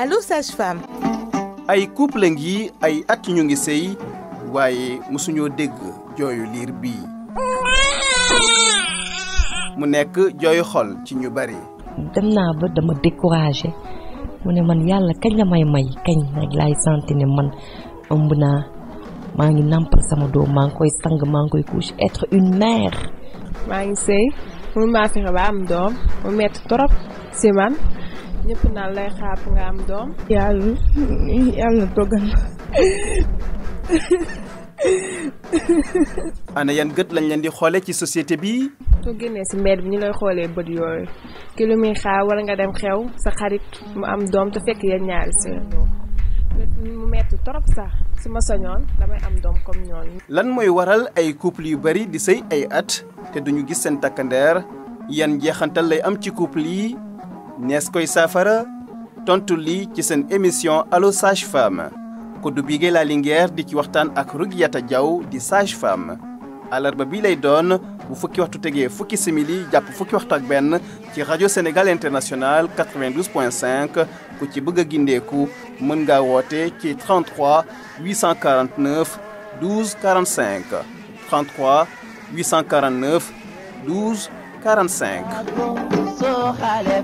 allo sage femme. ay couple ngi ay at ñu ngi sëy waaye mosuñoo dégg jooyu liir bii mu nekk jooyu xol ci ñu bari. dem naa ba dama découragé mu ne man yàlla kañ la may may kañ nag laay ne man ëmb naa maa ngi nàmpal sama doom maa ngi koy sang maa ngi koy couche être une mère. maa ngi sëy mu maa fexe ba am doom mu metti trop si man. ñëpp naan lay xaar nga am doom yàlla yàlla dogal kan. ana yan gët lañ leen di xoolee ci société bi soo génnee si mbedd bi ñu lay xoolee bët yooyu ki lu muy xaar wala nga dem xew sa xarit mu am doom te fekk yéen ñaari si mu metti trop sax su ma soñoon damay am doom comme ñooñu lan mooy waral ay couple yu bari di sëy ay at te duñu gis seen takkandeer yan jeexantal lay am ci couple yi nees koy saafara tontu li ci sen émission allo sage femme kuddu bigee la Linguère di ci waxtaan ak Rugiyata Diaw di sage femme alarba bi lay doon bu fukki waxtu tegee fukki simili japp fukki waxtu ak ben ci Radio Sénégal International 92.5 ku ci bëgg a gindeeku mën nga woté ci 33 849 12 45 33 849 12 45.